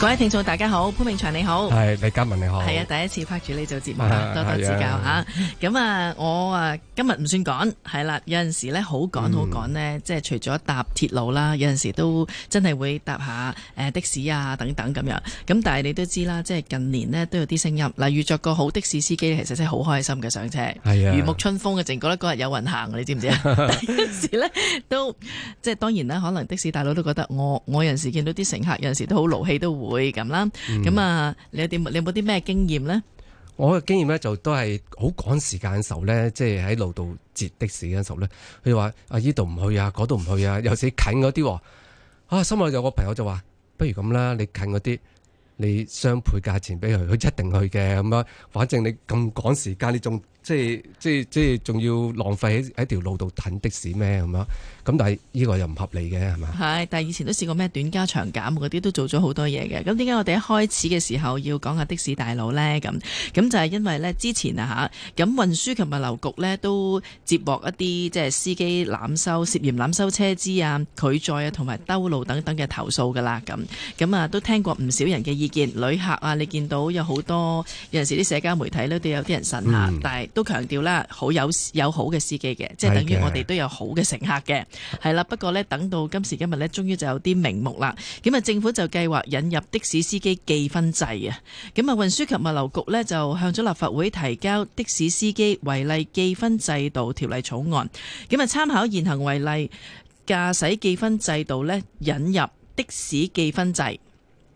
各位聽眾大家好，潘明祥你好，係李嘉文你好，係啊，第一次拍住你做節目，多多指教吓。咁啊，我啊今日唔算趕，係啦，有陣時咧好趕好趕咧，即係除咗搭鐵路啦，有陣時都真係會搭下誒的士啊等等咁樣。咁但係你都知啦，即係近年咧都有啲聲音，嗱遇着個好的士司機，其實真係好開心嘅上車，係啊，如沐春風嘅，淨覺得嗰日有運行嘅，你知唔知啊？有陣時咧都即係當然啦，可能的士大佬都覺得我我有陣時見到啲乘客，有陣時都好勞氣都。會咁啦，咁啊，你有啲，你有冇啲咩經驗咧？我嘅經驗咧，就都係好趕時間嘅時候咧，即係喺路度截的士嘅時候咧，佢話啊，依度唔去啊，嗰度唔去啊，尤其近嗰啲，啊，心裡有個朋友就話，不如咁啦，你近嗰啲，你雙倍價錢俾佢，佢一定去嘅，咁樣，反正你咁趕時間呢種。你即係即係即係，仲要浪費喺喺條路度等的士咩咁啊？咁但係呢個又唔合理嘅係嘛？係，但以前都試過咩短加長減嗰啲都做咗好多嘢嘅。咁點解我哋一開始嘅時候要講下的士大佬咧？咁咁就係因為咧之前啊嚇，咁、啊、運輸及物流局咧都接獲一啲即係司機濫收涉嫌濫收車資啊、拒載啊同埋兜路等等嘅投訴㗎啦。咁咁啊都聽過唔少人嘅意見，旅客啊，你見到有好多有陣時啲社交媒體呢都有啲人呻下、嗯。但都強調啦，好有有好嘅司機嘅，即係等於我哋都有好嘅乘客嘅係啦。不過呢，等到今時今日呢，終於就有啲名目啦。咁啊，政府就計劃引入的士司機記分制啊。咁啊，運輸及物流局呢就向咗立法會提交的士司機違例記分制度條例草案。咁啊，參考現行違例駕駛記分制度呢，引入的士記分制。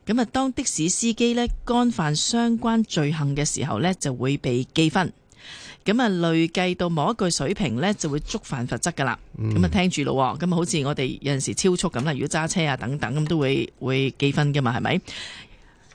咁啊，當的士司機呢干犯相關罪行嘅時候呢，就會被記分。咁啊，累計到某一個水平呢，就會觸犯罰則噶啦。咁、嗯、啊，聽住咯。咁啊，好似我哋有陣時超速咁啦，如果揸車啊等等，咁都會會記分噶嘛，係咪？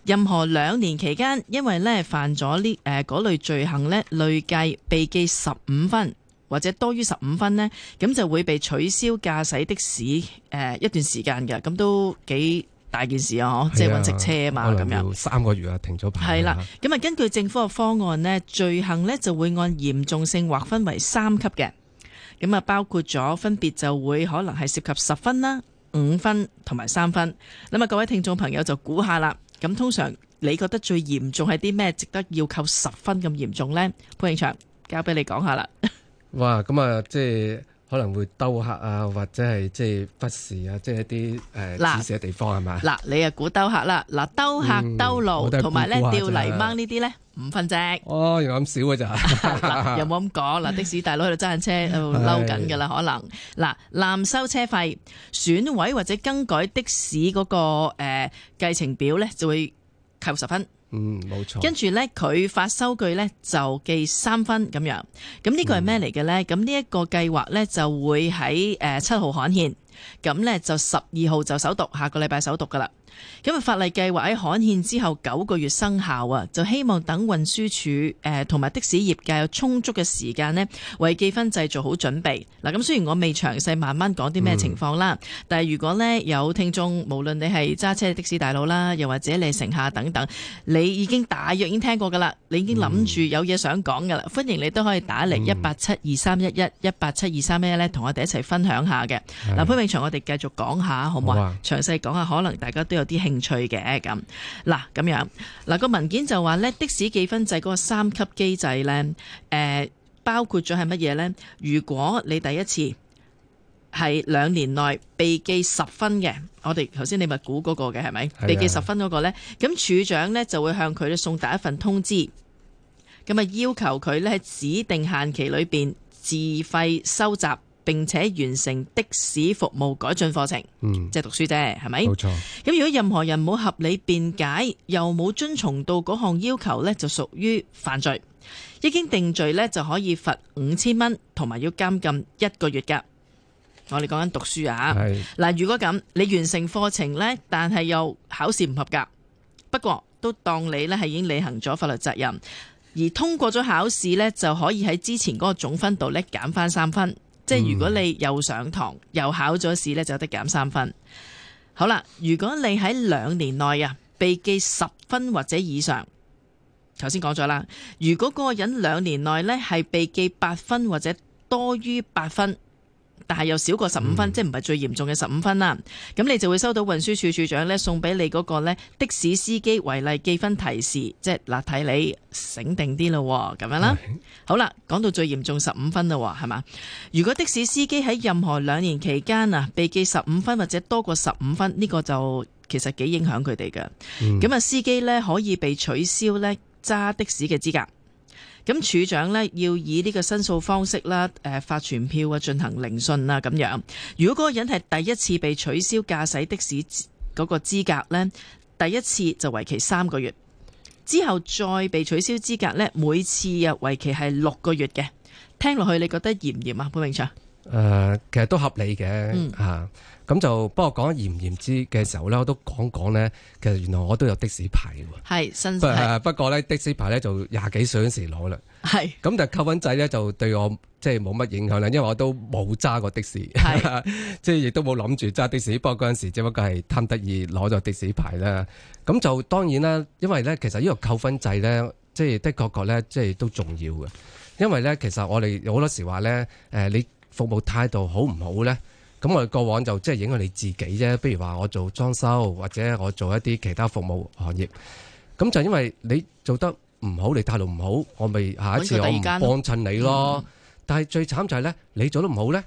任何兩年期間，因為呢犯咗呢嗰類罪行呢，累計被記十五分或者多於十五分呢，咁就會被取消駕駛的士、呃、一段時間嘅。咁都幾。大件事啊，嗬，即係揾食車嘛，咁樣三個月啊，停咗牌。係啦，咁啊，根據政府嘅方案呢，罪行呢就會按嚴重性劃分為三級嘅。咁啊，包括咗分別就會可能係涉及十分啦、五分同埋三分。咁啊，各位聽眾朋友就估下啦。咁通常你覺得最嚴重係啲咩？值得要扣十分咁嚴重呢？潘慶祥，交俾你講下啦。哇，咁啊，即係。可能會兜客啊，或者係即係忽視啊，即、就、係、是、一啲誒，似、呃、嘅、啊、地方係嘛？嗱、啊，你啊估兜客啦，嗱、啊、兜客兜路同埋咧吊泥掹呢啲咧五分只哦，原咁少嘅咋 啊？又冇咁講，嗱，的士大佬喺度揸緊車喺度嬲緊噶啦，可能嗱濫、啊、收車費、損毀或者更改的士嗰、那個誒計、呃、程表咧，就會扣十分。嗯，冇錯。跟住呢，佢發收據呢就記三分咁樣。咁呢、嗯、個係咩嚟嘅呢？咁呢一個計劃呢就會喺誒七號刊憲。咁呢就十二號就首讀，下個禮拜首讀噶啦。咁啊，法例計劃喺刊憲之後九個月生效啊，就希望等運輸署誒同埋的士業界有充足嘅時間呢，為記分制做好準備。嗱，咁雖然我未詳細慢慢講啲咩情況啦、嗯，但係如果呢有聽眾，無論你係揸車的士大佬啦，又或者你乘客等等，你已經大約已經聽過噶啦，你已經諗住有嘢想講噶啦，歡迎你都可以打嚟、嗯、一八七二三一一一八七二三一一咧，同我哋一齊分享下嘅。嗱，潘、呃、永祥，我哋繼續講下好唔好？好啊？詳細講下，可能大家都有啲興趣嘅。咁嗱，咁樣嗱、個文件就話呢，的士記分制嗰個三級機制呢，呃、包括咗係乜嘢呢？如果你第一次係兩年內被記十分嘅，我哋頭先你咪估嗰個嘅係咪？被記十分嗰個呢，咁處長呢就會向佢送達一份通知，咁啊要求佢咧喺指定限期裏面自費收集，並且完成的士服務改進課程，嗯，即係讀書啫，係咪？冇錯。咁如果任何人冇合理辯解，又冇遵從到嗰項要求呢，就屬於犯罪。已經定罪呢，就可以罰五千蚊，同埋要監禁一個月噶。我哋講緊讀書啊嗱，如果咁你完成課程呢，但係又考試唔合格，不過都當你呢係已經履行咗法律責任，而通過咗考試呢，就可以喺之前嗰個總分度呢減翻三分。即係如果你又上堂又考咗試呢，就得減三分。好啦，如果你喺兩年內啊被記十分或者以上，頭先講咗啦。如果個人兩年內呢，係被記八分或者多於八分，但係又少過十五分，嗯、即係唔係最嚴重嘅十五分啦。咁你就會收到運輸署署長，呢送俾你嗰個呢的士司機違例記分提示，即係嗱，睇你醒定啲咯咁樣啦。好啦，講到最嚴重十五分喎，係嘛？如果的士司機喺任何兩年期間啊被記十五分或者多過十五分，呢、這個就其實幾影響佢哋嘅。咁啊，司機呢可以被取消呢揸的士嘅資格。咁處長呢，要以呢個申訴方式啦，誒發傳票啊，進行聆訊啦，咁樣。如果嗰個人係第一次被取消駕駛的士嗰個資格呢，第一次就為期三個月，之後再被取消資格呢，每次啊為期係六個月嘅。聽落去你覺得嚴唔嚴啊？潘永祥，誒、呃，其實都合理嘅，嗯咁就不過講嚴唔嚴之嘅時候咧，我都講講咧。其實原來我都有的士牌喎。係新牌不，不過咧，的士牌咧就廿幾歲嗰時攞啦。係。咁但係扣分制咧就對我即係冇乜影響啦，因為我都冇揸過的士。係。即係亦都冇諗住揸的士，不過嗰陣時只不過係貪得意攞咗的士牌啦。咁就當然啦，因為咧其實呢個扣分制咧，即係的確確咧，即係都重要嘅。因為咧其實我哋好多時話咧，誒你服務態度好唔好咧？咁我哋過往就即係影響你自己啫，比如話我做裝修或者我做一啲其他服務行業，咁就因為你做得唔好，你態度唔好，我咪下一次我唔幫襯你咯。但係最慘就係咧，你做得唔好咧，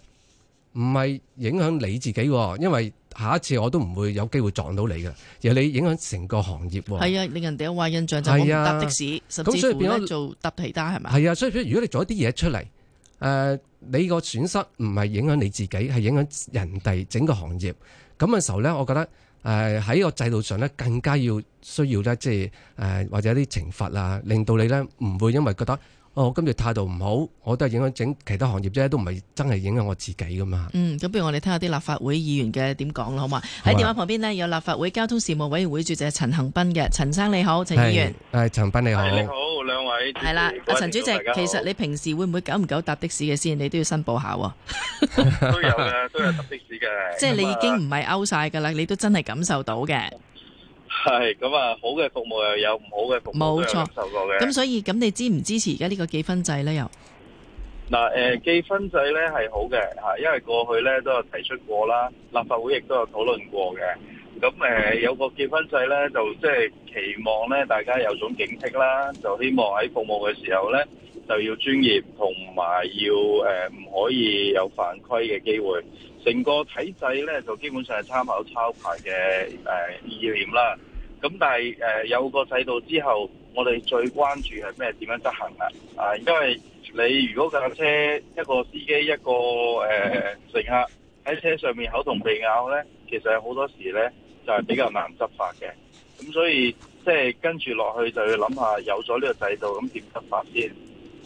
唔係影響你自己，因為下一次我都唔會有機會撞到你噶，而你影響成個行業。係啊，令人哋有壞印象就冇搭的士，啊、的所以變咗做搭提單係咪？係啊，所以如果你做一啲嘢出嚟，誒、呃。你個損失唔係影響你自己，係影響人哋整個行業咁嘅時候呢，我覺得誒喺、呃、個制度上咧，更加要需要呢，即係誒或者啲懲罰啊，令到你呢唔會因為覺得哦，今次態度唔好，我都係影響整其他行業啫，都唔係真係影響我自己噶嘛。嗯，咁不如我哋聽下啲立法會議員嘅點講啦，好嘛？喺電話旁邊呢，有立法會交通事務委員會主席陳恒鑌嘅，陳生你好，陳議員，係陳恒鑌你好。兩位係啦，阿陳主席，其實你平時會唔會久唔久搭的士嘅先？你都要申報下喎。都有嘅，都有搭的士嘅。即係你已經唔係勾曬㗎啦，你都真係感受到嘅。係咁啊，好嘅服務又有唔好嘅服務，冇錯，都感受過嘅。咁所以咁，你支唔支持而家呢個記分制咧？又嗱誒，記分制咧係好嘅嚇，因為過去咧都有提出過啦，立法會亦都有討論過嘅。咁誒有個扣分制咧，就即係期望咧，大家有種警惕啦，就希望喺服務嘅時候咧，就要專業同埋要誒唔可以有犯規嘅機會。成個體制咧，就基本上係參考抄牌嘅誒、啊、意念啦。咁但係誒、啊、有個制度之後，我哋最關注係咩？點樣執行啊？啊，因為你如果架車 一個司機一個誒、呃、乘客喺車上面口同鼻拗咧，其實好多時咧。就係比較難執法嘅，咁所以即係、就是、跟住落去就要諗下有咗呢個制度，咁點執法先？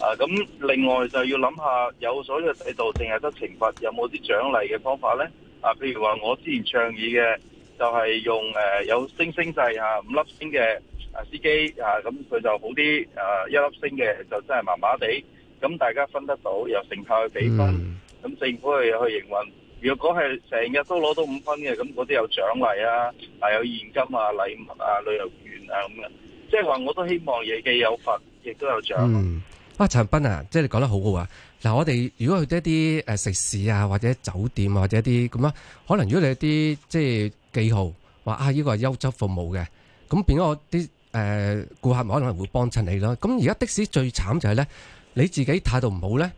啊，咁另外就要諗下有咗呢個制度，淨係得懲罰，有冇啲獎勵嘅方法呢？啊，譬如話我之前倡議嘅，就係、是、用誒、呃、有星星制嚇、啊，五粒星嘅啊司機啊，咁佢就好啲，誒、啊、一粒星嘅就真係麻麻地。咁大家分得到，有成效又比分，咁政府又去營運。如果係成日都攞到五分嘅，咁嗰啲有獎勵啊，仲有現金啊、禮物啊、旅遊券啊咁嘅，即係話我都希望嘢嘅有份，亦都有獎。嗯，啊陳鑌啊，即係你講得好好啊。嗱，我哋如果去得一啲誒食肆啊，或者酒店啊或者啲咁樣，可能如果你有啲即係記號話啊，呢個係優質服務嘅，咁變咗我啲誒顧客可能會幫襯你咯。咁而家的士最慘就係咧，你自己態度唔好咧，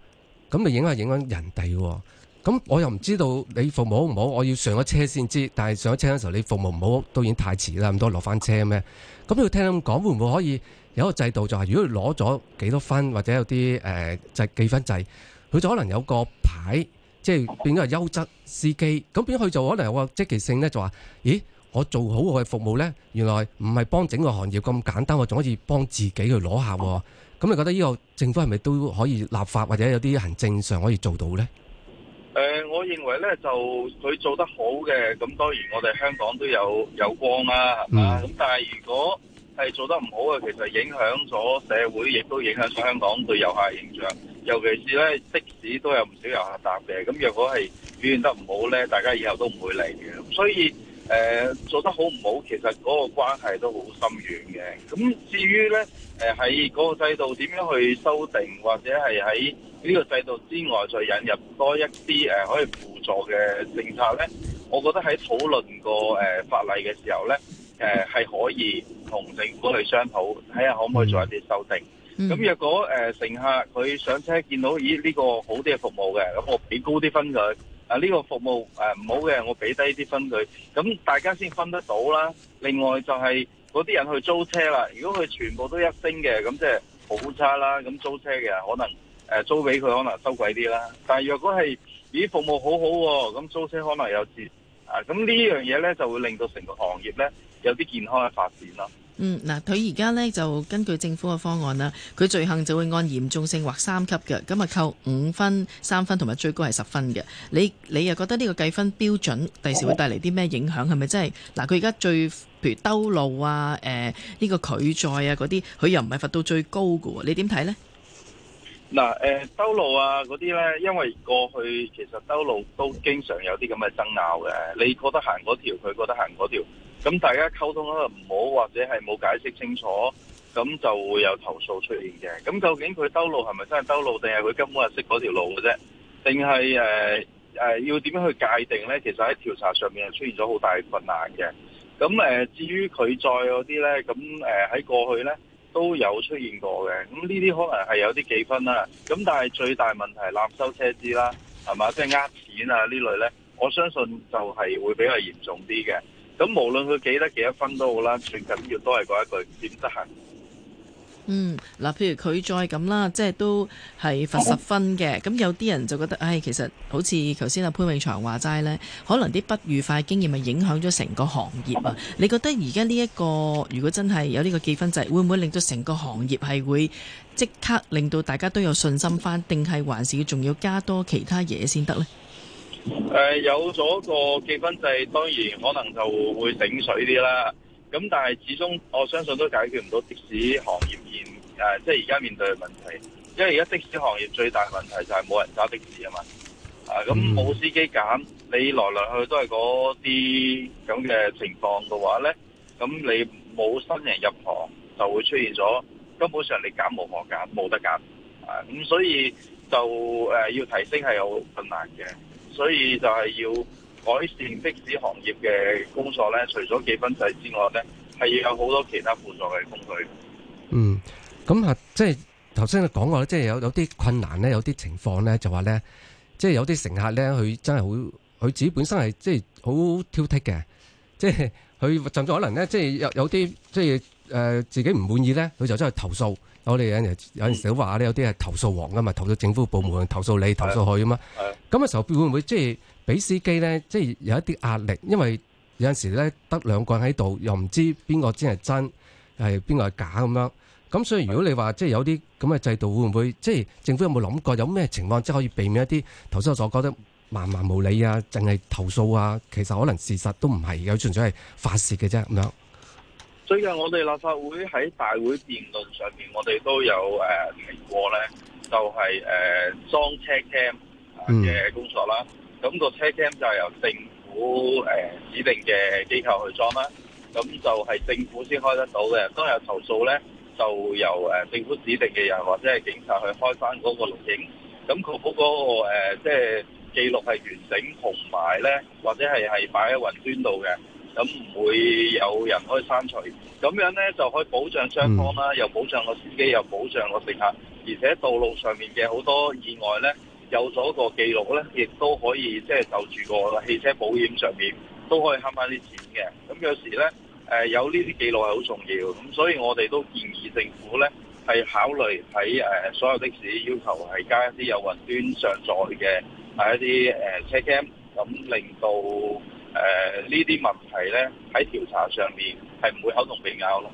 咁你影響影響人哋喎。咁我又唔知道你服務好唔好，我要上咗車先知。但係上咗車嘅時候，你服務唔好，都已經太遲啦。咁多落翻車咩？咁你聽咁講，會唔會可以有一個制度，就係如果攞咗幾多分，或者有啲誒制記分制，佢就可能有個牌，即係變咗係優質司機。咁變咗佢就可能有個積極性呢，就話：咦，我做好我嘅服務呢，原來唔係幫整個行業咁簡單，我仲可以幫自己去攞下。咁你覺得呢個政府係咪都可以立法，或者有啲行政上可以做到呢？我認為咧就佢做得好嘅，咁當然我哋香港都有有光啦，係嘛？咁、嗯、但係如果係做得唔好嘅，其實影響咗社會，亦都影響咗香港對遊客的形象。尤其是咧，的士都有唔少遊客搭嘅。咁若果係表現得唔好咧，大家以後都唔會嚟嘅。所以誒、呃、做得好唔好，其實嗰個關係都好深遠嘅。咁至於咧，誒喺嗰個制度點樣去修訂，或者係喺。呢個制度之外，再引入多一啲誒可以輔助嘅政策咧，我覺得喺討論個誒法例嘅時候咧，誒係可以同政府去商討，睇下可唔可以做一啲修訂。咁若果誒乘客佢上車見到咦呢個好啲嘅服務嘅，咁我俾高啲分佢；啊呢個服務誒唔好嘅，我俾低啲分佢。咁大家先分得到啦。另外就係嗰啲人去租車啦，如果佢全部都一星嘅，咁即係好差啦。咁租車嘅可能。誒，租俾佢可能收貴啲啦，但係若果係啲服務好好，啊，咁租車可能有折啊！咁呢樣嘢，呢，就會令到成個行業呢，有啲健康嘅發展咯。嗯，嗱，佢而家呢，就根據政府嘅方案啦，佢罪行就會按嚴重性劃三級嘅，咁啊扣五分、三分同埋最高係十分嘅。你你又覺得呢個計分標準第時會帶嚟啲咩影響？係、哦、咪真係？嗱，佢而家最譬如兜路啊、誒、呃、呢、呢個拒載啊嗰啲，佢又唔係罰到最高噶？你點睇呢？嗱、呃，兜路啊嗰啲咧，因為過去其實兜路都經常有啲咁嘅爭拗嘅，你覺得行嗰條，佢覺得行嗰條，咁大家溝通可能唔好，或者係冇解釋清楚，咁就會有投訴出現嘅。咁究竟佢兜路係咪真係兜路，定係佢根本係識嗰條路嘅啫？定係誒誒要點樣去界定咧？其實喺調查上面係出現咗好大困難嘅。咁誒、呃，至於佢再嗰啲咧，咁誒喺過去咧。都有出現過嘅，咁呢啲可能係有啲幾分啦，咁但係最大問題濫收車資啦，係嘛？即係呃錢啊呢類呢，我相信就係會比較嚴重啲嘅。咁無論佢幾得幾多分都好啦，最緊要都係嗰一句點得行。嗯，嗱、啊，譬如佢再咁啦，即係都係罰十分嘅，咁、嗯、有啲人就覺得，唉、哎，其實好似頭先阿潘永祥話齋咧，可能啲不愉快經驗咪影響咗成個行業啊、嗯？你覺得而家呢一個如果真係有呢個記分制，會唔會令到成個行業係會即刻令到大家都有信心翻？定係還是仲要加多其他嘢先得咧？誒、呃，有咗個記分制，當然可能就會醒水啲啦。咁但係始終我相信都解決唔到的士行業、就是、現誒，即係而家面對嘅問題，因為而家的士行業最大問題就係冇人揸的士啊嘛，啊咁冇司機揀，你來來去都係嗰啲咁嘅情況嘅話咧，咁你冇新人入行，就會出現咗根本上你揀冇可揀，冇得揀，啊咁所以就誒要提升係有困難嘅，所以就係要。改善的士行業嘅工作咧，除咗記分制之外咧，係要有好多其他輔助嘅工具。嗯，咁啊，即係頭先佢講過咧，即係有有啲困難咧，有啲情況咧，就話咧，即係有啲乘客咧，佢真係好，佢自己本身係即係好挑剔嘅，即係佢甚至可能咧，即係有有啲即係誒自己唔滿意咧，佢就真係投訴。我哋有陣有時都話呢，有啲係投訴王噶嘛，投訴政府部門，投訴你，投訴佢啊嘛。咁嘅時候會會，會唔會即係俾司機咧？即係有一啲壓力，因為有陣時咧得兩個人喺度，又唔知邊個先係真，係邊個係假咁樣。咁所以如果你話即係有啲咁嘅制度，會唔會即係政府有冇諗過，有咩情況即係可以避免一啲投訴我所覺得漫漫無理啊，淨係投訴啊，其實可能事實都唔係，有純粹係發泄嘅啫咁樣。最近我哋立法會喺大會辯論上面，我哋都有誒提過咧，就係誒裝車 cam 嘅工作啦。咁個車 cam 就，就，就由政府誒指定嘅機構去裝啦。咁就係政府先開得到嘅。當有投訴咧，就由誒政府指定嘅人或者係警察去開翻嗰個錄影。咁確保嗰個誒即係記錄係完整，同埋咧或者係係擺喺雲端度嘅。咁唔會有人可以刪除，咁樣咧就可以保障雙方啦，又保障個司機，又保障個乘客，而且道路上面嘅好多意外咧，有咗個記錄咧，亦都可以即係就住個汽車保險上面都可以慳返啲錢嘅。咁有時咧，誒有呢啲記錄係好重要，咁所以我哋都建議政府咧係考慮喺誒所有的士要求係加一啲有雲端上載嘅，係一啲誒車 cam，咁令到。誒、呃，呢啲問題咧，喺調查上面係唔會口同鼻拗咯。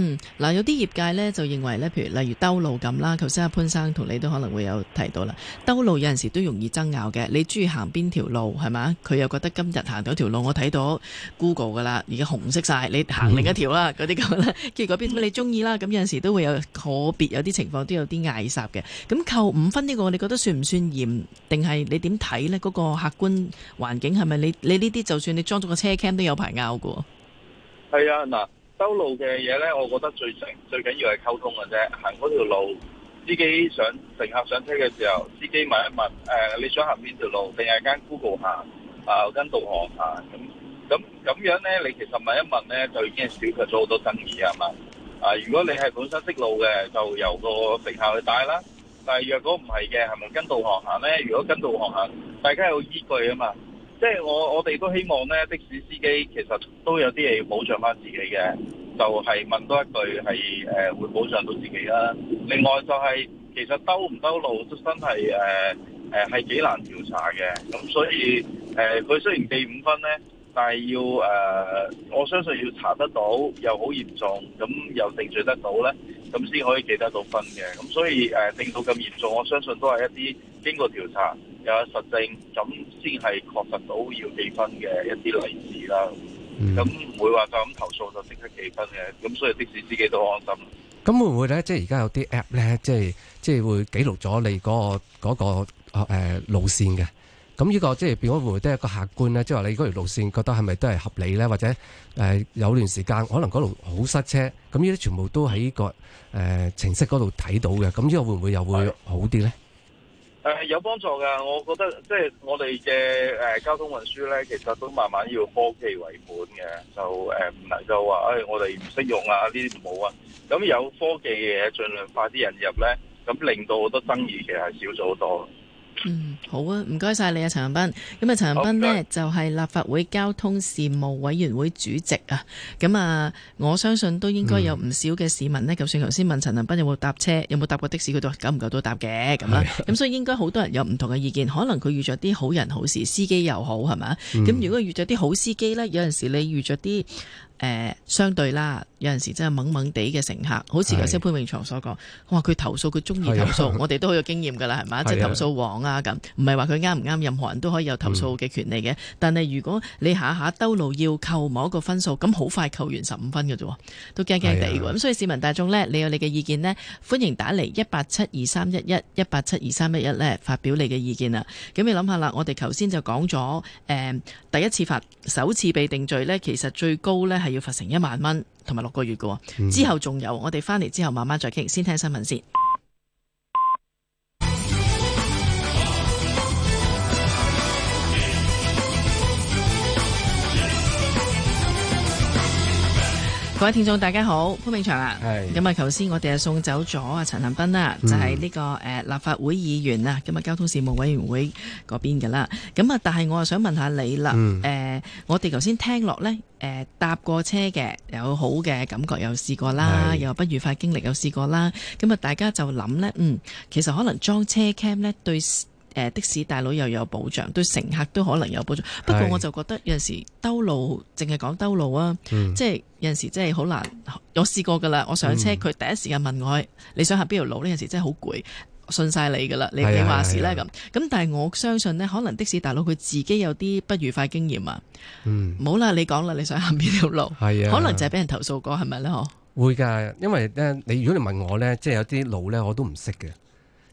嗯，嗱、啊，有啲業界咧就認為咧，譬如例如兜路咁啦，頭、啊、先阿潘生同你都可能會有提到啦，兜路有陣時都容易爭拗嘅。你中意行邊條路係咪？佢又覺得今日行到條路，我睇到 Google 噶啦，而家紅色晒，你行另一條啦，嗰啲咁啦，跟住嗰邊你中意啦，咁有陣時都會有，可別有，都會有的、這個別有啲情況都有啲嗌殺嘅。咁扣五分呢個你覺得算唔算嚴？定係你點睇呢？嗰、那個客觀環境係咪你你呢啲就算你裝咗個車 cam 都有排拗噶？係、哎、啊，嗱。兜路嘅嘢呢，我覺得最成最緊要係溝通嘅啫。行嗰條路，司機上乘客上車嘅時候，司機問一問，誒、呃，你想行邊條路？定係間 Google 行啊，跟導航行咁咁咁樣咧，你其實問一問呢，就已經係少咗好多爭議啊嘛。啊，如果你係本身識路嘅，就由個乘客去帶啦。但係若果唔係嘅，係咪跟導航行呢？如果跟導航行，大家有依據啊嘛。即係我我哋都希望呢，的士司機其實都有啲嘢要保障翻自己嘅，就係問多一句係誒會保障到自己啦。另外就係其實兜唔兜路真係誒誒係幾難調查嘅，咁所以誒佢雖然記五分呢，但係要誒我相信要查得到，又好嚴重，咁又定罪得到呢，咁先可以記得到分嘅。咁所以誒定到咁嚴重，我相信都係一啲經過調查。有實證咁先係確實到要記分嘅一啲例子啦，咁唔會話咁投訴就即刻記分嘅，咁所以的士司機都安心。咁會唔會咧？即係而家有啲 app 咧，即係即係會記錄咗你嗰個嗰個誒路線嘅。咁呢個即係變咗會唔會都係一個客觀咧？即係話你嗰條路線覺得係咪都係合理咧？或者誒有段時間可能嗰度好塞車，咁呢啲全部都喺個誒程式嗰度睇到嘅。咁呢個會唔會又會好啲咧？誒、呃，有幫助噶，我覺得即係我哋嘅誒交通運輸咧，其實都慢慢要科技為本嘅，就誒唔能夠話誒我哋唔識用啊呢啲冇啊，咁有科技嘅嘢盡量快啲引入咧，咁令到好多爭議其實係少咗好多。嗯，好啊，唔該晒你啊，陳恒鑌。咁啊，陳恒鑌呢，okay. 就係立法會交通事務委員會主席啊。咁啊，我相信都應該有唔少嘅市民呢，mm. 就算頭先問陳恒鑌有冇搭車，有冇搭過的士，佢都話夠唔夠都搭嘅咁啊。咁 所以應該好多人有唔同嘅意見。可能佢遇著啲好人好事，司機又好係嘛？咁、mm. 如果遇著啲好司機呢，有陣時你遇著啲。誒、呃，相對啦，有陣時真係懵懵地嘅乘客，好似頭先潘永祥所講，哇，佢投訴佢中意投訴，投訴啊、我哋都好有經驗噶啦，係咪、啊？即係投訴王啊咁，唔係話佢啱唔啱，任何人都可以有投訴嘅權利嘅、嗯。但係如果你下下兜路要扣某一個分數，咁好快扣完十五分咋啫，都驚驚地。咁、啊、所以市民大眾呢，你有你嘅意見呢，歡迎打嚟一八七二三一一一八七二三一一呢，發表你嘅意見啦。咁你諗下啦，我哋頭先就講咗，誒、呃，第一次罰，首次被定罪呢，其實最高呢。要罰成一萬蚊，同埋六個月㗎喎。嗯、之後仲有，我哋翻嚟之後慢慢再傾。先聽新聞先。各位聽眾，大家好，潘永祥啊，咁啊，頭先我哋啊送走咗啊陳恒鑌啦，就係、是、呢個立法會議員啊，今日交通事務委員會嗰邊㗎啦。咁啊，但係我又想問,問下你啦，誒、嗯呃，我哋頭先聽落咧，誒、呃、搭過車嘅有好嘅感覺，有試過啦，又不愉快經歷，有試過啦。咁啊，大家就諗咧，嗯，其實可能裝車 cam 咧對。的士大佬又有保障，對乘客都可能有保障。不過我就覺得有陣時兜路，淨係講兜路啊，即係、就是、有陣時真係好難。我試過噶啦，我上車佢、嗯、第一時間問我你想行邊條路，呢陣時真係好攰，信晒你噶啦，你你話事啦咁。咁、啊啊、但係我相信呢，可能的士大佬佢自己有啲不愉快經驗啊。嗯，冇啦，你講啦，你想行邊條路，啊？可能就係俾人投訴過，係咪呢？會㗎，因為你如果你問我呢，即、就、係、是、有啲路呢，我都唔識嘅。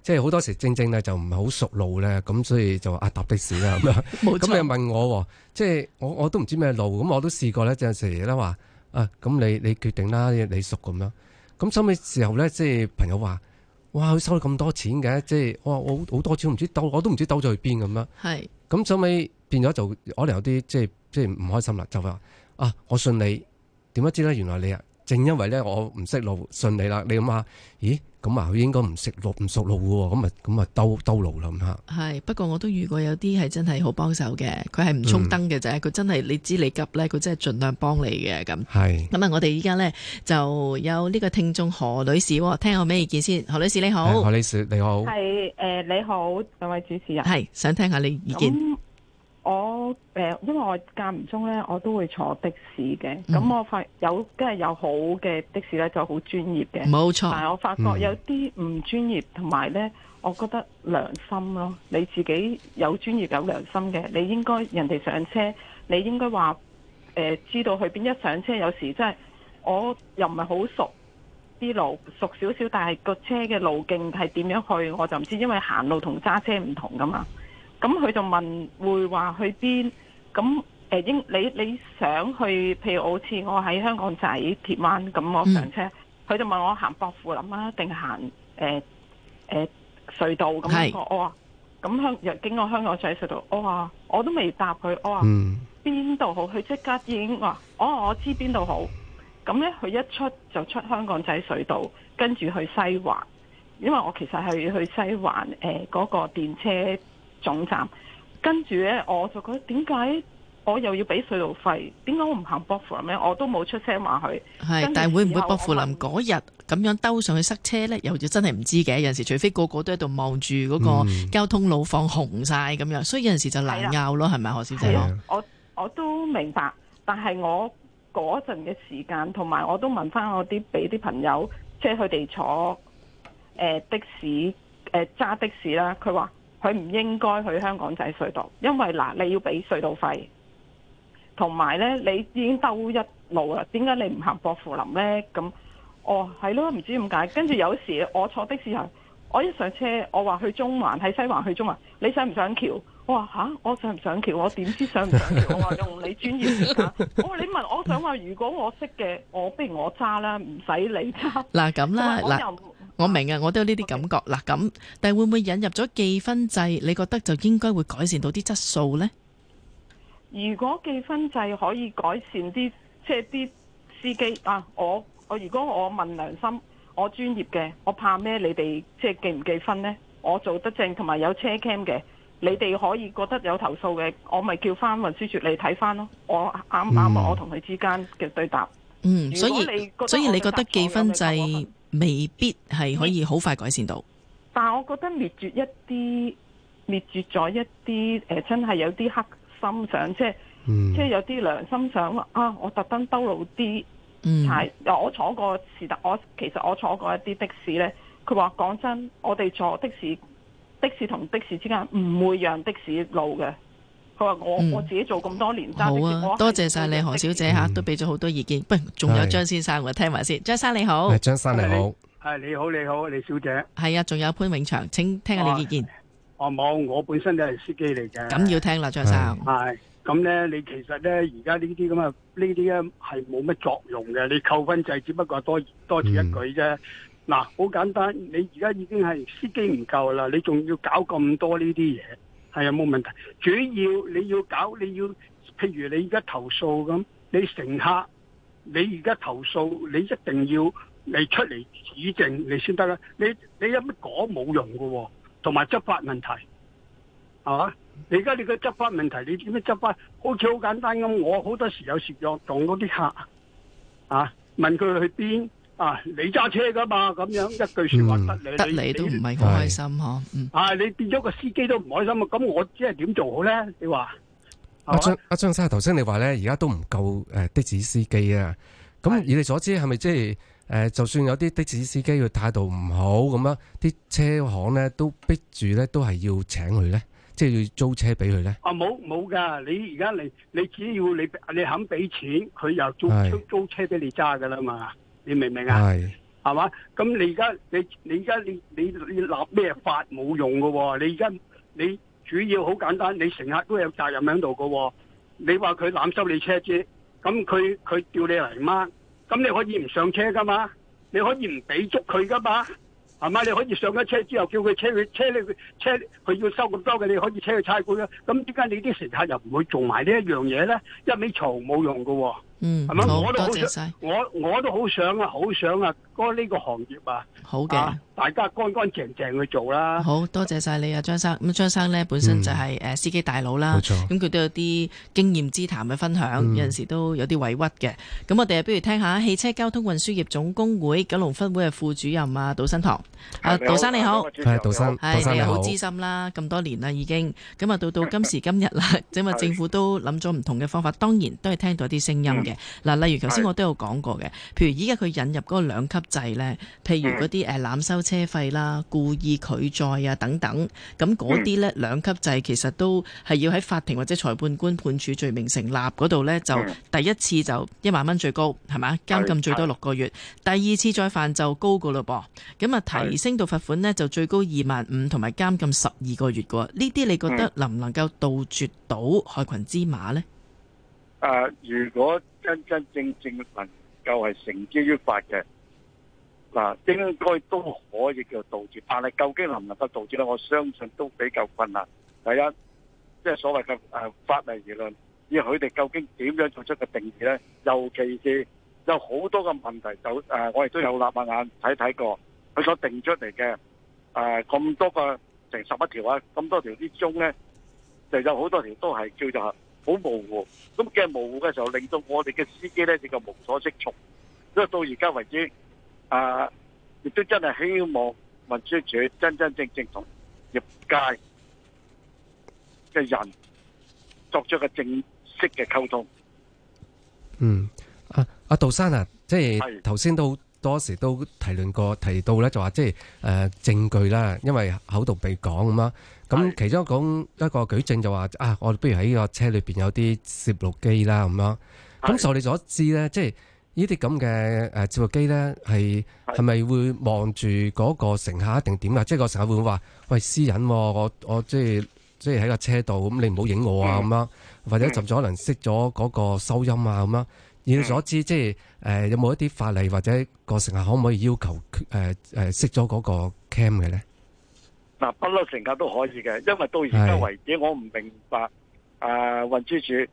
即係好多時正正咧就唔係好熟路咧，咁所以就啊搭的士啦咁樣。咁 你問我，即係我我都唔知咩路，咁我都試過咧，即係成日都話啊，咁你你決定啦，你熟咁樣。咁收尾時候咧，即係朋友話：哇，佢收咗咁多錢嘅，即係我我好多錢，唔知兜我都唔知兜咗去邊咁樣。係。咁收尾變咗就可能有啲即係即係唔開心啦，就話啊，我信你點樣知咧？原來你啊，正因為咧我唔識路，信你啦。你諗下，咦？咁啊，佢應該唔識路，唔熟路喎，咁啊，咁啊兜兜路啦，諗下。係，不過我都遇過有啲係真係好幫手嘅，佢係唔衝燈嘅啫，佢、嗯、真係你知你急咧，佢真係盡量幫你嘅咁。係，咁啊，我哋依家咧就有呢個聽眾何女士，聽下我咩意見先。何女士你好，何女士你好，係誒、呃、你好兩位主持人，係想聽下你意見。我誒、呃，因為我間唔中咧，我都會坐的士嘅。咁、嗯、我發有梗係有好嘅的，的士咧，就好專業嘅。冇錯，但我發覺有啲唔專業，同埋咧，我覺得良心咯、啊。你自己有專業有良心嘅，你應該人哋上車，你應該話誒、呃、知道去邊。一上車有時真係我又唔係好熟啲路熟少少，但係個車嘅路徑係點樣去，我就唔知，因為行路同揸車唔同噶嘛。咁佢就問會，會話去邊？咁、呃、你你想去？譬如好似我喺香港仔鐵灣咁，我上車，佢、嗯、就問我行薄扶林啊，定行誒、呃呃、隧道咁。我話咁香又經過香港仔隧道。我話我都未答佢。我話邊度好？佢即刻已經話哦，我知邊度好。咁呢，佢一出就出香港仔隧道，跟住去西環，因為我其實係去西環嗰、呃嗰個電車。總站，跟住呢，我就覺得點解我又要俾隧道費？點解我唔行薄扶林呢？我都冇出聲話佢。係，但係會唔會薄扶林嗰日咁樣兜上去塞車呢？嗯、又要真係唔知嘅。有陣時，除非個個都喺度望住嗰個交通路況紅晒咁樣，所以有陣時就難拗咯，係咪何小姐？我我都明白，但係我嗰陣嘅時間，同埋我都問翻我啲俾啲朋友，即係佢哋坐誒的士，誒、呃、揸的士啦，佢、呃、話。佢唔應該去香港仔隧道，因為嗱、啊，你要俾隧道費，同埋呢，你已經兜一路啦。點解你唔行薄扶林呢？咁哦，係咯，唔知點解。跟住有時我坐的士啊，我一上車，我話去中環，喺西環去中環，你上唔上橋？我話吓、啊，我上唔上橋？我點知上唔上橋？我話用你專業 我話你問，我想話，如果我識嘅，我不如我揸啦，唔使你揸。嗱咁啦，我明啊，我都有呢啲感覺。嗱咁，但係會唔會引入咗記分制？你覺得就應該會改善到啲質素呢？如果記分制可以改善啲，即係啲司機啊，我我如果我問良心，我專業嘅，我怕咩？你哋即係記唔記分呢？我做得正，同埋有車 cam 嘅，你哋可以覺得有投訴嘅，我咪叫翻運輸處你睇翻咯。我啱唔啱我同佢之間嘅對答。嗯，所以所以你覺得記分制，未必係可以好快改善到，但係我覺得滅絕一啲滅絕咗一啲，誒、呃、真係有啲黑心想，即係、嗯、即係有啲良心想啊！我特登兜路啲，嗯，係我坐過是但，我其實我坐過一啲的士呢。佢話講真，我哋坐的士，的士同的士之間唔會讓的士路嘅。佢話我，我自己做咁多年揸車。好啊！多謝晒，你何小姐吓，都俾咗好多意見。唔係，仲有張先生，我聽埋先。張先生你好，係張先生你好，係你好你好李小姐。係啊，仲有潘永祥，請聽下你意見。哦，我冇，我本身都係司機嚟嘅。咁要聽啦，張先生。係咁咧，你其實咧，而家呢啲咁啊，呢啲咧係冇乜作用嘅。你扣分制只不過多多此一舉啫。嗱，好簡單，你而家已經係司機唔夠啦，你仲要搞咁多呢啲嘢。係啊，冇問題。主要你要搞，你要譬如你而家投訴咁，你乘客，你而家投訴，你一定要你出嚟指證你先得啦。你你有乜講冇用噶喎？同埋執法問題，係嘛？你而家你個執法問題，你點樣執法？好似好簡單咁，我好多時有涉撞撞嗰啲客，啊，問佢去邊？啊！你揸車噶嘛？咁樣一句說話得你，得你都唔係好開心嗬？啊！你變咗個司機都唔開心啊！咁我即係點做好咧？你話阿張阿張生頭先你話咧，而家都唔夠誒的士司機啊！咁以你所知係咪即係誒？就算有啲的士司機嘅態度唔好咁樣，啲車行咧都逼住咧都係要請佢咧，即係要租車俾佢咧。啊！冇冇噶！你而家你你只要你你肯俾錢，佢又租租租車俾你揸噶啦嘛！你明唔明啊？係，係嘛？咁你而家你你而家你你,你立咩法冇用噶喎？你而家你主要好簡單，你乘客都有責任喺度噶。你話佢濫收你車啫，咁佢佢叫你嚟嗎？咁你可以唔上車噶嘛？你可以唔俾捉佢噶嘛？係嘛？你可以上咗車之後叫佢車佢車車佢要收咁多嘅，你可以車去差館啊。咁點解你啲乘客又唔會做埋呢一樣嘢咧？一味嘈冇用噶喎。嗯，係咪我都好想我我都好想啊，好想啊，嗰個呢個行業啊，好嘅。啊大家乾乾淨淨去做啦。好多謝晒你啊，張生。咁張生呢本身就係司機大佬啦。咁佢都有啲經驗之談嘅分享，嗯、有陣時都有啲委屈嘅。咁我哋不如聽下汽車交通運輸業總工會九龍分會嘅副主任啊，杜燊棠。啊，杜生你好。係，杜生。係，你好。你好資深啦，咁多年啦已經咁啊，到到今時今日啦，整 啊政府都諗咗唔同嘅方法，當然都係聽到啲聲音嘅。嗱、嗯，例如頭先我都有講過嘅，譬如依家佢引入嗰個兩級制呢，譬如啲誒濫收。車費啦、故意拒載啊等等，咁嗰啲呢兩、嗯、級制其實都係要喺法庭或者裁判官判處罪名成立嗰度呢，就第一次就一萬蚊最高，係嘛？監禁最多六個月，第二次再犯就高噶嘞噃，咁啊提升到罰款呢，就最高二萬五，同埋監禁十二個月噶。呢啲你覺得能唔能夠杜絕到害群之馬呢？啊、如果真真正正能夠係繩之於法嘅。嗱，應該都可以叫做導致，但係究竟能唔能夠導致咧？我相信都比較困難。第一，即係所謂嘅誒法例議論，以佢哋究竟點樣作出嘅定義咧？尤其是有好多嘅問題就，就誒我亦都有攬眼睇睇過，佢所定出嚟嘅誒咁多個成十一條啊，咁多條之中咧，就有好多條都係叫做好模糊。咁嘅模糊嘅時候，令到我哋嘅司機咧，亦就叫無所適從。因為到而家為止。啊！亦都真係希望運輸署真真正正同業界嘅人作出個正式嘅溝通。嗯，阿、啊、阿杜生啊，即係頭先都多時都提論過，提到咧就話即係誒證據啦，因為口度被講咁啦。咁其中講一個舉證就話啊，我哋不如喺個車裏邊有啲攝錄機啦，咁樣。咁受你所知咧，即係。呢啲咁嘅誒攝像機咧，係係咪會望住嗰個乘客一定點啊？即係個乘客會唔會話：喂，私隱，我我即係即係喺個車度，咁你唔好影我啊咁樣。或者就可能熄咗嗰個收音啊咁樣。以你所知，即係誒有冇一啲法例或者個乘客可唔可以要求誒誒熄咗嗰個 cam 嘅咧？嗱，不嬲乘客都可以嘅，因為到而家為止，我唔明白啊運輸署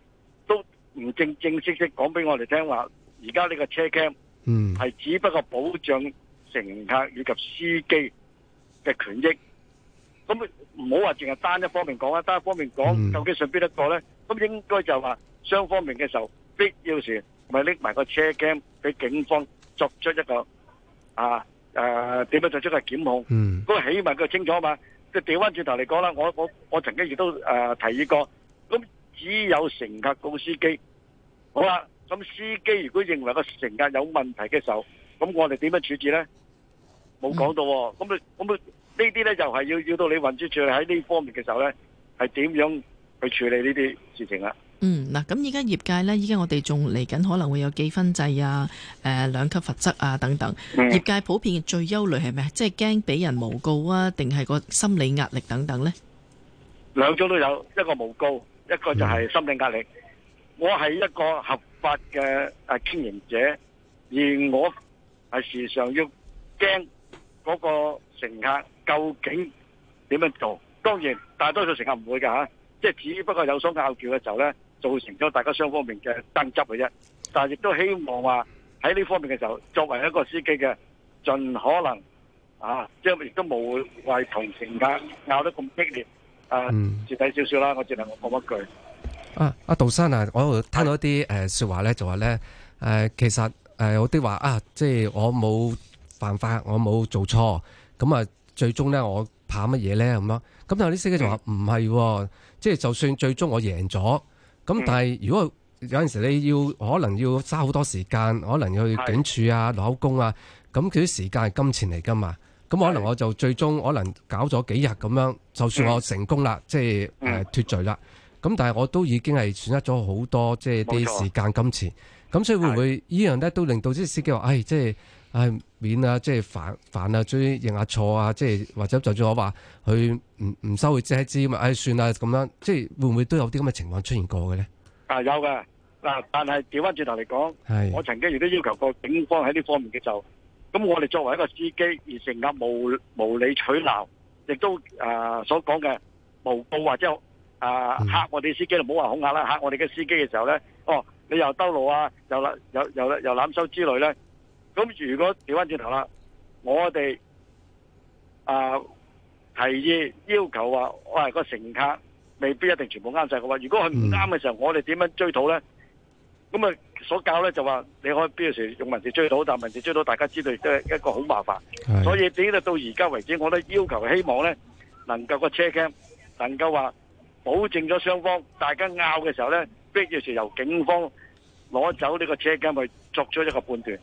都唔正正式式講俾我哋聽話。而家呢個車 cam 係只不過保障乘客以及司機嘅權益，咁唔好話淨係單一方面講啊，單一方面講究竟信邊一個咧？咁應該就話雙方面嘅時候，必要時咪拎埋個車 cam 俾警方作出一個啊誒點、啊、樣作出一個檢控。咁、嗯個、起碼佢清楚啊嘛。即掉翻轉頭嚟講啦，我我我曾經亦都誒、呃、提議過，咁只有乘客告司機，好啦、啊。咁司機如果認為個乘客有問題嘅時候，咁我哋點樣處置咧？冇講到。咁啊，咁啊，呢啲咧就係要要到你運輸處喺呢方面嘅時候咧，係點樣去處理呢啲事情啊？嗯，嗱，咁依家業界咧，依家我哋仲嚟緊可能會有記分制啊，誒，兩級罰則啊，等等。業界普遍嘅最憂慮係咩？即係驚俾人誣告啊，定係個心理壓力等等咧？兩種都有，一個誣告，一個就係心理壓力。我係一個合法嘅啊，經營者，而我係時常要驚嗰個乘客究竟點樣做？當然，大多數乘客唔會噶吓，即係只不過有所拗撬嘅時候咧，造成咗大家雙方面嘅爭執嘅啫。但係亦都希望話喺呢方面嘅時候，作為一個司機嘅，盡可能啊，即係亦都無謂同乘客拗得咁激烈。啊。嗯。節制少少啦，我只能講一句。啊！阿杜生啊，我聽到一啲誒說話咧，就話咧誒，其實誒、呃、有啲話啊，即係我冇犯法，我冇做錯，咁啊最終咧我怕乜嘢咧咁啊，咁但係啲司機就話唔係，即係就算最終我贏咗，咁但係如果有陣時你要可能要花好多時間，可能要去警署啊、攞口供啊，咁佢啲時間係金錢嚟噶嘛？咁可能我就最終可能搞咗幾日咁樣，就算我成功啦、嗯，即係脫、嗯、罪啦。咁但係我都已經係損失咗好多，即係啲時間金錢。咁所以會唔會依樣咧都令到啲司機話，唉、哎，即係唉免啦，即係煩呀，追認下錯啊！即係或者就算我話佢唔唔收，佢借支咁啊，唉、哎、算啦咁樣。即係會唔會都有啲咁嘅情況出現過嘅咧？啊有嘅嗱，但係調翻轉頭嚟講，我曾經亦都要求過警方喺呢方面嘅就咁我哋作為一個司機而成日無，無理取鬧，亦都、呃、所講嘅無報或者。啊！嚇我哋司機就唔好話恐嚇啦，嚇我哋嘅司機嘅時候咧，哦，你又兜路啊，又攬又又攬收之類咧。咁如果調翻轉頭啦，我哋啊提議要求話，係、哎那個乘客未必一定全部啱晒嘅。如果佢唔啱嘅時候，嗯、我哋點樣追討咧？咁啊，所教咧就話你可以必要時用文字追討，但文字追討大家知道都係一個好麻煩。所以點咧到而家為止，我都要求希望咧能夠個車 cam 能夠話。保證咗雙方大家拗嘅時候呢，必要時由警方攞走呢個車金去作出一個判斷。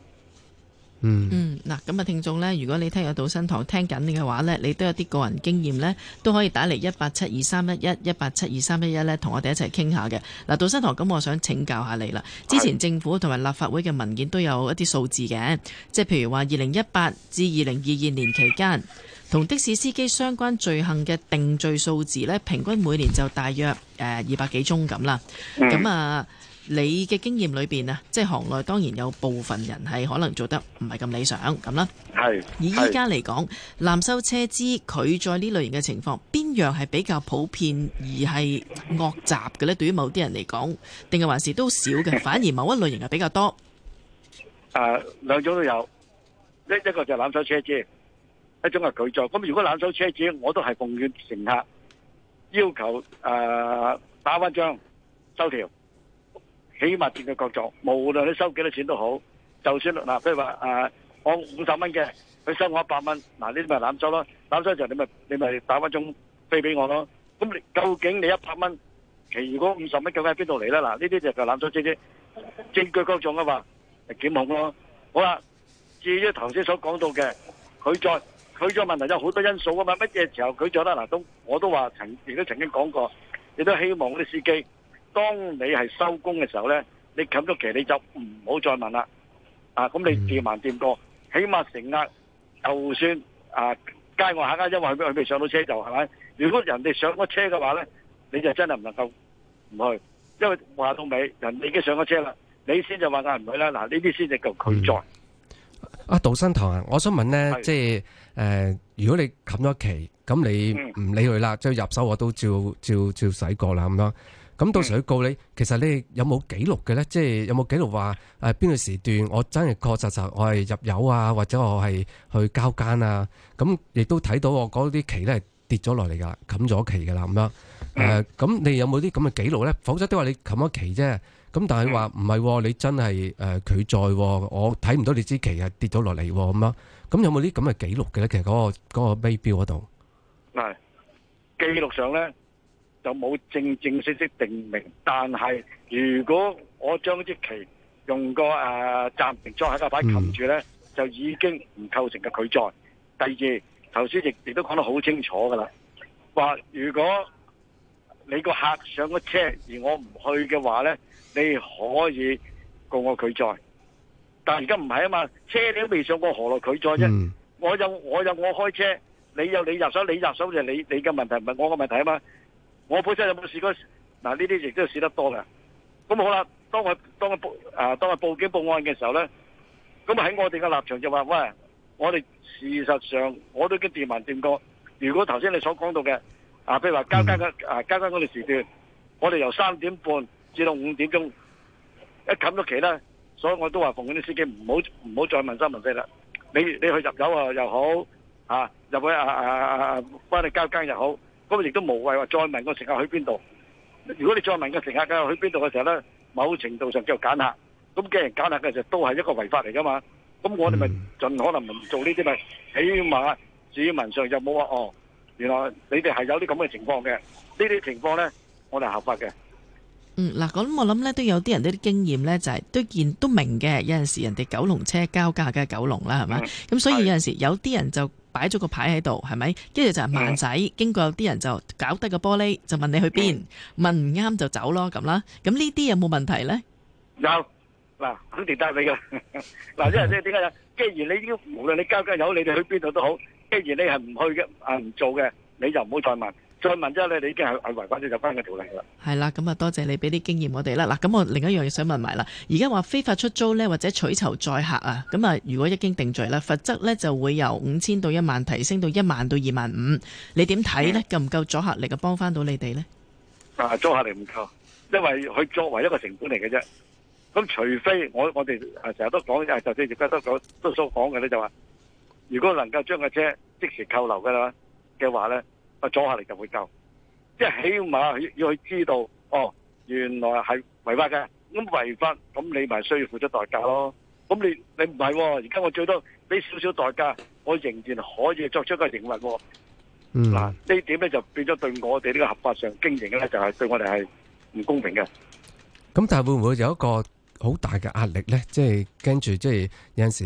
嗯嗯，嗱，咁啊，聽眾呢，如果你聽我杜燊棠聽緊嘅話呢，你都有啲個人經驗呢，都可以打嚟，一八七二三一一一八七二三一一呢，同我哋一齊傾下嘅。嗱，杜燊棠，咁，我想請教下你啦。之前政府同埋立法會嘅文件都有一啲數字嘅，即係譬如話二零一八至二零二二年期間。同的士司機相關罪行嘅定罪數字呢，平均每年就大約誒二百幾宗咁啦。咁、嗯、啊，你嘅經驗裏邊啊，即係行內當然有部分人係可能做得唔係咁理想咁啦。係以依家嚟講，濫收車資、拒載呢類型嘅情況，邊樣係比較普遍而係惡習嘅呢？對於某啲人嚟講，定係還是都少嘅？ 反而某一類型係比較多。誒、啊，兩種都有，一一個就係濫收車資。一種係拒載，咁如果濫收車主，我都係奉勸乘客要求誒、呃、打返張收條，起碼證據確鑿，無論你收幾多錢都好，就算嗱、啊，譬如話誒、啊、我五十蚊嘅，佢收我100元、啊、一百蚊，嗱呢啲咪濫收咯，濫收嘅時候你咪你咪打返張飛俾我咯，咁你究竟你一百蚊，其餘五十蚊究竟喺邊度嚟咧？嗱呢啲就係濫收啫證據確鑿啊嘛，係檢控咯。好啦，至於頭先所講到嘅拒載。佢咗問題有好多因素啊嘛，乜嘢時候佢咗得，嗱都我都話曾亦都曾經講過，亦都希望啲司機，當你係收工嘅時候咧，你冚咗旗你就唔好再問啦。啊，咁你掂慢掂過，起碼乘客就算啊街外下街，因為佢未上到車就係咪？如果人哋上咗車嘅話咧，你就真係唔能夠唔去，因為話到尾人已經上咗車啦，你先就話嗌唔去啦。嗱呢啲先叫拒載。啊，杜燊棠啊，我想問咧，即係。誒、呃，如果你冚咗旗，咁你唔理佢啦、嗯，即係入手我都照照照洗過啦，咁樣。咁到時佢告你、嗯，其實你有冇記錄嘅咧？即係有冇記錄話誒邊個時段我真係確實實我係入油啊，或者我係去交更啊？咁亦都睇到我嗰啲旗咧跌咗落嚟噶，冚咗旗噶啦，咁樣。誒，咁、嗯呃、你有冇啲咁嘅記錄咧？否則都話你冚咗旗啫。咁但係話唔係，你真係誒佢在、哦，我睇唔到你支旗係跌咗落嚟咁樣。咁有冇啲咁嘅記錄嘅咧？其實嗰、那個嗰、那個咪錶嗰度，係記錄上咧就冇正正式式定名，但係如果我將啲旗用個誒、呃、暫停裝喺個牌冚住咧、嗯，就已經唔構成嘅拒載。第二，頭先亦亦都講得好清楚噶啦，話如果你個客上咗車而我唔去嘅話咧，你可以告我拒載。但而家唔係啊嘛，車你都未上過何來拒載啫？我有我有我開車，你有你入手，你入手就係你你嘅問題，唔係我嘅問題啊嘛！我本身有冇試過？嗱，呢啲亦都試得多㗎。咁好啦，當我當我報、啊、當我報警報案嘅時候咧，咁喺我哋嘅立場就話：喂，我哋事實上我都已經電文掂過。如果頭先你所講到嘅啊，譬如話交更嘅啊交更嗰段時段，我哋由三點半至到五點鐘一冚咗旗咧。所以我都話，奉勸啲司機唔好唔好再問三問四啦。你你去入油啊又好啊，入去啊啊啊幫你交更又好，咁亦都無謂話再問個乘客去邊度。如果你再問個乘客嘅去邊度嘅時候咧，某程度上叫做揀客。咁既然揀客嘅時候都係一個違法嚟噶嘛，咁我哋咪盡可能唔做呢啲咪，起碼市民上就冇話哦，原來你哋係有啲咁嘅情況嘅。呢啲情況咧，我哋合法嘅。嗯，嗱，咁我諗咧，都有啲人啲經驗咧，就係都見都明嘅。有陣時人哋九龍車交價梗係九龍啦，係咪？咁所以有陣時有啲人就擺咗個牌喺度，係咪？跟住就係慢仔，經過有啲人就搞低個玻璃，就問你去邊，問唔啱就走咯咁啦。咁呢啲有冇問題咧？有，嗱，肯定答你噶。嗱，因為即係點解？既然你依，無論你交價又好，你哋去邊度都好。既然你係唔去嘅，啊，唔做嘅，你就唔好再問。再問一下咧，你已經係係違反咗入翻嘅條例啦。係啦，咁啊多謝你俾啲經驗我哋啦。嗱，咁我另一樣嘢想問埋啦。而家話非法出租咧，或者取酬載客啊，咁啊，如果一經定罪啦，罰則咧就會由五千到一萬提升到一萬到二萬五。你點睇咧？夠唔夠阻嚇力嘅？幫翻到你哋咧？啊，阻嚇力唔夠，因為佢作為一個成本嚟嘅啫。咁除非我我哋成日都講就正如今日都講都所講嘅咧，就話如果能夠將個車即時扣留嘅啦嘅話咧。阻下嚟就會救，即係起碼要去知道哦。原來係違法嘅咁違法，咁你咪需要付出代價咯。咁你你唔係而家我最多俾少少代價，我仍然可以作出一個營運喎。嗱呢點咧就變咗對我哋呢個合法上經營嘅咧，就係、是、對我哋係唔公平嘅。咁、嗯、但係會唔會有一個好大嘅壓力咧？即係跟住即係有陣時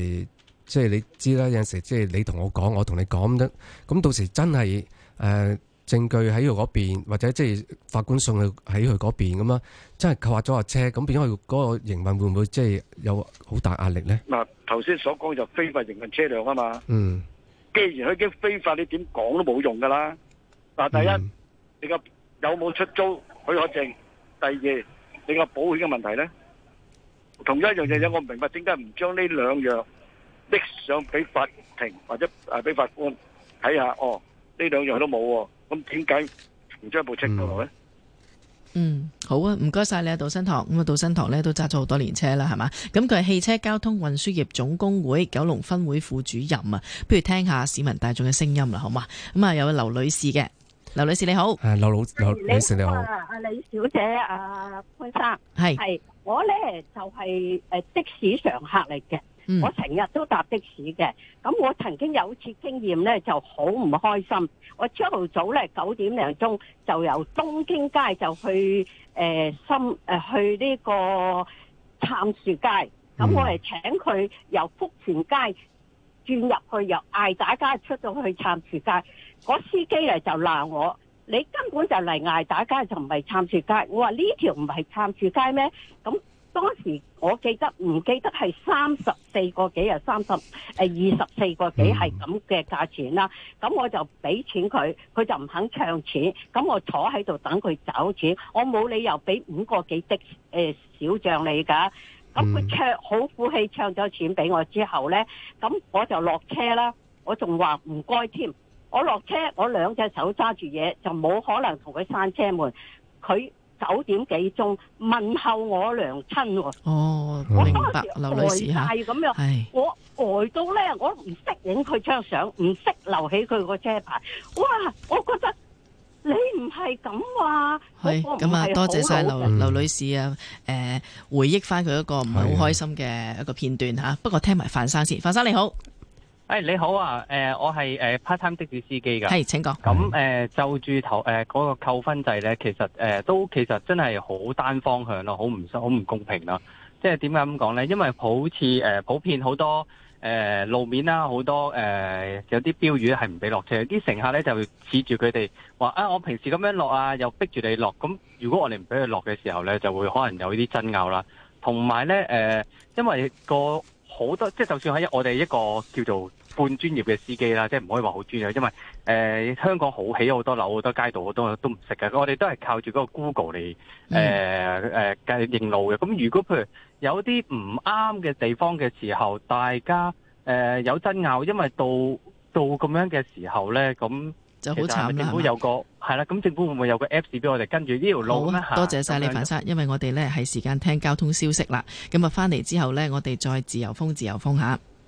即係、就是、你知啦，有陣時即係你同我講，我同你講得咁到時真係。誒、呃，證據喺佢嗰邊，或者即係法官送佢喺佢嗰邊咁啊，即係扣押咗架車，咁變咗佢嗰個營運會唔會即係有好大壓力咧？嗱，頭先所講就非法營運車輛啊嘛，嗯，既然佢已經非法，你點講都冇用噶啦。嗱，第一，嗯、你個有冇出租許可證？第二，你個保險嘅問題咧，同一樣嘢，嗯、有我唔明白點解唔將呢兩樣搦上俾法庭或者誒俾法官睇下哦。呢兩樣都冇，咁點解唔將部車過頭呢？嗯，好啊，唔該晒你啊，杜燊棠，咁啊，杜燊棠呢都揸咗好多年車啦，係嘛？咁佢係汽車交通運輸業總工會九龍分會副主任啊。不如聽下市民大眾嘅聲音啦，好嘛？咁啊，有劉女士嘅。劉女士你好，阿劉老劉女士你好，阿李小姐，阿潘生係，係我咧就係誒的士常客嚟嘅，我成日都搭的士嘅。咁我曾經有次經驗咧就好唔開心，我朝頭早咧九點零鐘就由東京街就去誒深誒去呢個杉樹街，咁我係請佢由福全街轉入去，由晏架街出到去杉樹街。個司機嚟就鬧我，你根本就嚟挨打，打街，就唔係撐住街。我話呢條唔係撐住街咩？咁當時我記得唔記得係三十四個幾啊，三十誒、呃、二十四個幾係咁嘅價錢啦。咁、嗯、我就俾錢佢，佢就唔肯唱錢。咁我坐喺度等佢找錢，我冇理由俾五個幾、呃、的誒小賬你㗎。咁佢唱好晦氣，唱咗錢俾我之後呢，咁我就落車啦。我仲話唔該添。我落車，我兩隻手揸住嘢，就冇可能同佢閂車門。佢九點幾鐘問候我娘親。哦，明白，劉女士吓。係咁樣。我呆到呢，我唔識影佢張相，唔識留起佢個車牌。哇，我覺得你唔係咁話。係。咁啊，多謝晒劉劉女士啊！誒，回憶返佢一個唔係好開心嘅一個片段吓。不過聽埋范生先，范生你好。誒、hey，你好啊，誒、呃，我係誒 part time 的士司機噶，係，請講。咁誒、呃，就住頭誒嗰、呃那個扣分制咧，其實誒、呃、都其實真係好單方向咯，好唔好唔公平啦。即係點解咁講咧？因為好似誒普遍好、呃、多誒、呃、路面啦，好多誒、呃、有啲標語係唔俾落車，啲乘客咧就會指住佢哋話啊，我平時咁樣落啊，又逼住你落。咁如果我哋唔俾佢落嘅時候咧，就會可能有啲爭拗啦。同埋咧，誒、呃，因為個。好多即係就算喺我哋一個叫做半專業嘅司機啦，即係唔可以話好專業，因為誒、呃、香港好起好多樓、好多街道、好多都唔識嘅，我哋都係靠住嗰個 Google 嚟誒誒計認路嘅。咁如果譬如有啲唔啱嘅地方嘅時候，大家誒、呃、有爭拗，因為到到咁樣嘅時候咧，咁。就好慘吓，是是政府有個係啦，咁政府會唔會有個 apps 俾我哋跟住呢條路？多謝晒李凡生，因為我哋呢係時間聽交通消息啦。咁啊，翻嚟之後呢，我哋再自由風，自由風下。